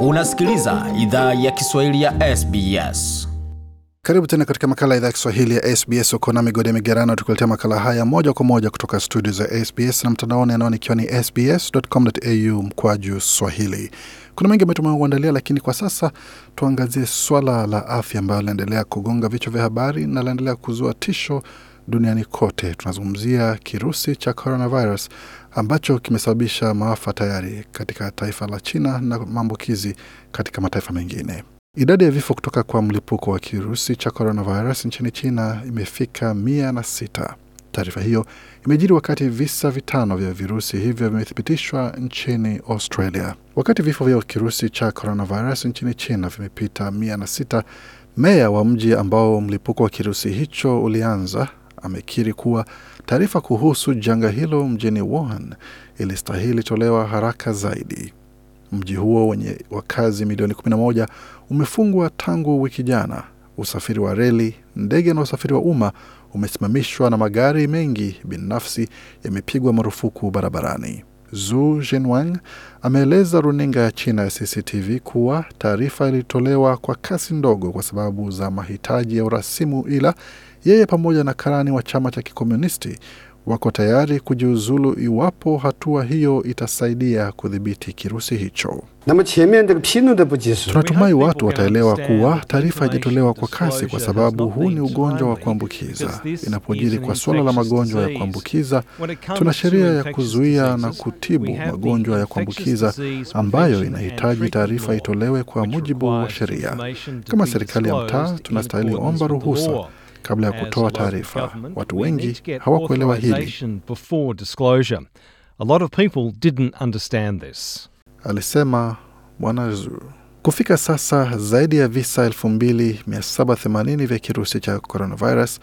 Unasikiliza idhaa ya Kiswahili ya SBS. Karibu tena katika makala ya idhaa ya Kiswahili ya SBS. Uko na migodi ya migerano, tukuletea makala haya moja kwa moja kutoka studio za SBS na mtandaoni, anaoni ikiwa ni sbs.com.au mkwaju swahili. Kuna mengi ambayo tumeuandalia, lakini kwa sasa tuangazie swala la afya ambayo linaendelea kugonga vichwa vya habari na linaendelea kuzua tisho duniani kote. Tunazungumzia kirusi cha coronavirus ambacho kimesababisha maafa tayari katika taifa la China na maambukizi katika mataifa mengine. Idadi ya vifo kutoka kwa mlipuko wa kirusi cha coronavirus nchini China imefika mia na sita. Taarifa hiyo imejiri wakati visa vitano vya virusi hivyo vimethibitishwa nchini Australia. Wakati vifo vya kirusi cha coronavirus nchini China vimepita mia na sita, meya wa mji ambao mlipuko wa kirusi hicho ulianza amekiri kuwa taarifa kuhusu janga hilo mjini Wuhan ilistahili tolewa haraka zaidi. Mji huo wenye wakazi milioni 11 umefungwa tangu wiki jana. Usafiri wa reli, ndege na usafiri wa umma umesimamishwa na magari mengi binafsi yamepigwa marufuku barabarani. Zu Jinwang ameeleza runinga ya China ya CCTV kuwa taarifa ilitolewa kwa kasi ndogo kwa sababu za mahitaji ya urasimu, ila yeye pamoja na karani wa chama cha kikomunisti wako tayari kujiuzulu iwapo hatua hiyo itasaidia kudhibiti kirusi hicho. Tunatumai watu wataelewa kuwa taarifa haijatolewa kwa kasi, kwa sababu huu ni ugonjwa wa kuambukiza. Inapojiri kwa suala la magonjwa ya kuambukiza, tuna sheria ya kuzuia na kutibu magonjwa ya kuambukiza ambayo inahitaji taarifa itolewe kwa mujibu wa sheria. Kama serikali ya mtaa, tunastahili omba ruhusa kabla ya kutoa taarifa. Watu wengi hawakuelewa hili. Alisema Bwana Kufika sasa zaidi ya visa 2780 vya kirusi cha coronavirus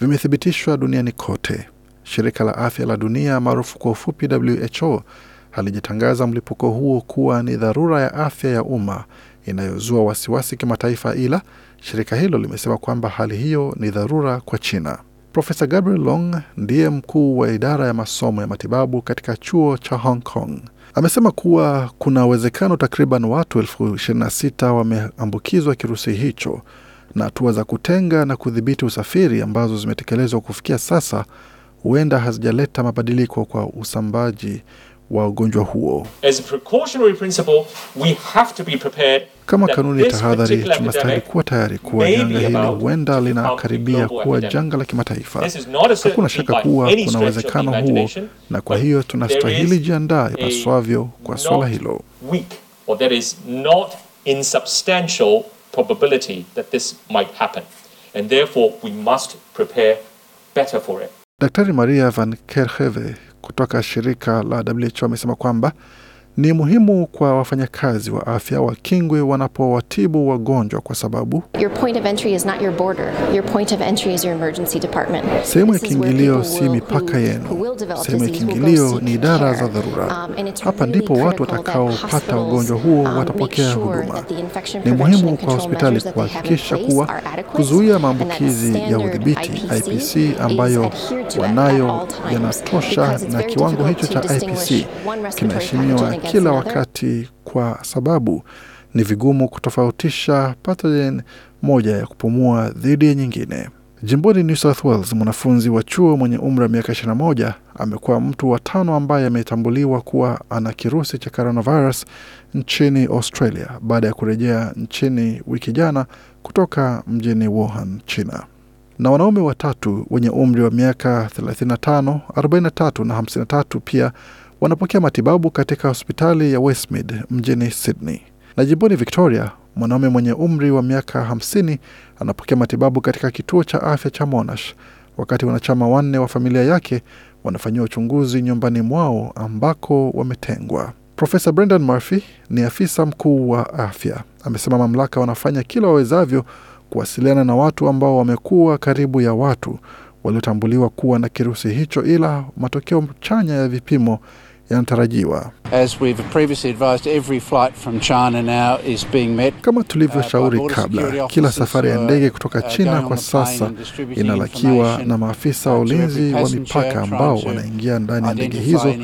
vimethibitishwa duniani kote. Shirika la Afya la Dunia maarufu kwa ufupi WHO halijatangaza mlipuko huo kuwa ni dharura ya afya ya umma inayozua wasiwasi kimataifa, ila shirika hilo limesema kwamba hali hiyo ni dharura kwa China. Profesa Gabriel Long ndiye mkuu wa idara ya masomo ya matibabu katika chuo cha Hong Kong. Amesema kuwa kuna uwezekano takriban watu elfu 26 wameambukizwa kirusi hicho, na hatua za kutenga na kudhibiti usafiri ambazo zimetekelezwa kufikia sasa huenda hazijaleta mabadiliko kwa usambaji wa ugonjwa huo. Kama kanuni ya tahadhari, tunastahili kuwa tayari kuwa janga hili huenda linakaribia kuwa janga la kimataifa. Hakuna shaka kuwa kuna uwezekano huo, na kwa hiyo tunastahili jiandaa ipaswavyo kwa suala hilo. And therefore, we must prepare better for it. Daktari Maria Van Kerkhove kutoka shirika la WHO amesema kwamba ni muhimu kwa wafanyakazi wa afya wakingwe wanapowatibu wagonjwa kwa sababu sehemu ya kiingilio si mipaka yenu. Sehemu ya kiingilio ni idara za dharura. Um, Hapa ndipo watu watakaopata ugonjwa huo um, watapokea huduma. Ni muhimu kwa hospitali kuhakikisha kuwa kuzuia maambukizi ya udhibiti IPC, IPC ambayo wanayo yanatosha, na kiwango hicho cha IPC kinaheshimiwa kila wakati kwa sababu ni vigumu kutofautisha pathogen moja ya kupumua dhidi ya nyingine. Jimboni New South Wales, mwanafunzi wa chuo mwenye umri wa miaka 21 amekuwa mtu wa tano ambaye ametambuliwa kuwa ana kirusi cha coronavirus nchini Australia baada ya kurejea nchini wiki jana kutoka mjini Wuhan, China. Na wanaume watatu wenye umri wa miaka 35, 43 na 53 pia wanapokea matibabu katika hospitali ya Westmead mjini Sydney. Na jimboni Victoria, mwanaume mwenye umri wa miaka 50 anapokea matibabu katika kituo cha afya cha Monash wakati wanachama wanne wa familia yake wanafanyiwa uchunguzi nyumbani mwao ambako wametengwa. Profesa Brendan Murphy ni afisa mkuu wa afya, amesema mamlaka wanafanya kila wawezavyo kuwasiliana na watu ambao wamekuwa karibu ya watu waliotambuliwa kuwa na kirusi hicho, ila matokeo chanya ya vipimo yanatarajiwa. Kama uh, tulivyoshauri kabla, kila safari ya ndege kutoka uh, China kwa sasa inalakiwa na maafisa wa ulinzi wa mipaka ambao wanaingia ndani ya ndege hizo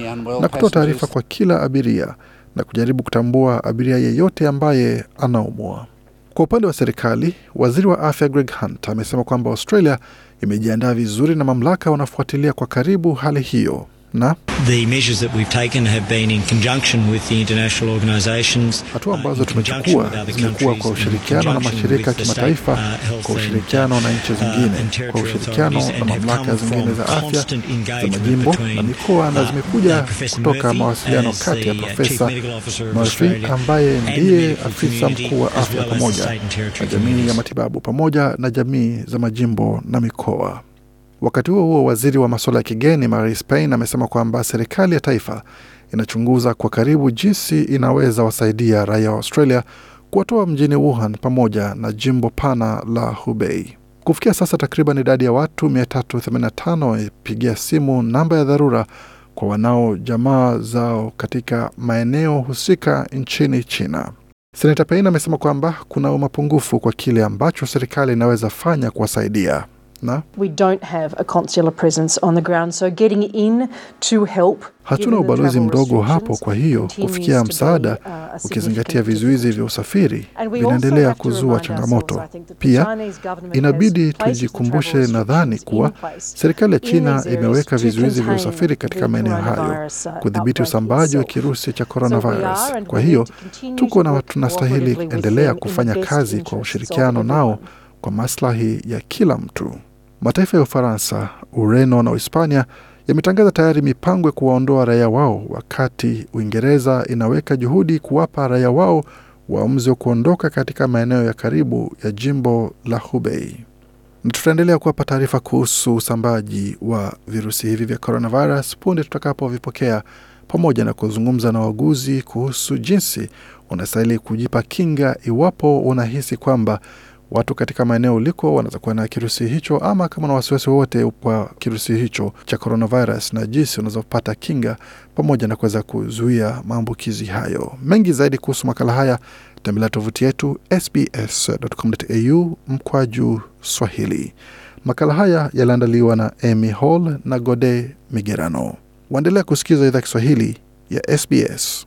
na kutoa taarifa kwa kila abiria na kujaribu kutambua abiria yeyote ambaye anaumwa. Kwa upande wa serikali, waziri wa afya Greg Hunt amesema kwamba Australia imejiandaa vizuri na mamlaka wanafuatilia kwa karibu hali hiyo na hatua uh, ambazo tumechukua zimekuwa kwa ushirikiano na mashirika ya kimataifa, uh, kwa ushirikiano na nchi uh, zingine, kwa ushirikiano na mamlaka zingine za afya za majimbo na mikoa, na zimekuja kutoka mawasiliano kati ya Profesa Murphy ambaye ndiye afisa mkuu wa afya, pamoja na jamii ya matibabu, pamoja na jamii za majimbo na mikoa. Wakati huo huo, waziri wa masuala ya kigeni mari Spain amesema kwamba serikali ya taifa inachunguza kwa karibu jinsi inaweza wasaidia raia wa Australia kuwatoa mjini Wuhan pamoja na jimbo pana la Hubei. Kufikia sasa takriban idadi ya watu 385 wamepigia simu namba ya dharura kwa wanao jamaa zao katika maeneo husika nchini China. Senata Pein amesema kwamba kuna mapungufu kwa kile ambacho serikali inaweza fanya kuwasaidia. Hatuna ubalozi mdogo hapo, kwa hiyo kufikia msaada uh, ukizingatia vizuizi vya usafiri vinaendelea kuzua changamoto. Pia inabidi tujikumbushe, nadhani kuwa serikali ya China imeweka vizuizi vya usafiri katika maeneo hayo uh, kudhibiti usambaaji wa kirusi cha coronavirus. Kwa hiyo tuko na tunastahili endelea kufanya kazi kwa ushirikiano nao kwa maslahi ya kila mtu. Mataifa ya Ufaransa, Ureno na Uhispania yametangaza tayari mipango ya kuwaondoa raia wao, wakati Uingereza inaweka juhudi kuwapa raia wao uamuzi wa kuondoka katika maeneo ya karibu ya jimbo la Hubei. Na tutaendelea kuwapa taarifa kuhusu usambaji wa virusi hivi vya coronavirus punde tutakapovipokea, pamoja na kuzungumza na wauguzi kuhusu jinsi unastahili kujipa kinga iwapo unahisi kwamba watu katika maeneo uliko wanaweza kuwa na kirusi hicho, ama kama na wasiwasi wowote kwa kirusi hicho cha coronavirus na jinsi unazopata kinga pamoja na kuweza kuzuia maambukizi hayo. Mengi zaidi kuhusu makala haya tembelea tovuti yetu sbs.com.au mkwaju Swahili. Makala haya yaliandaliwa na Amy Hall na Gode Migerano. Waendelea kusikiza idhaa Kiswahili ya SBS.